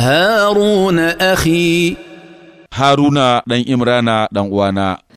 هارون أخي هارون دان إمرانا دان وانا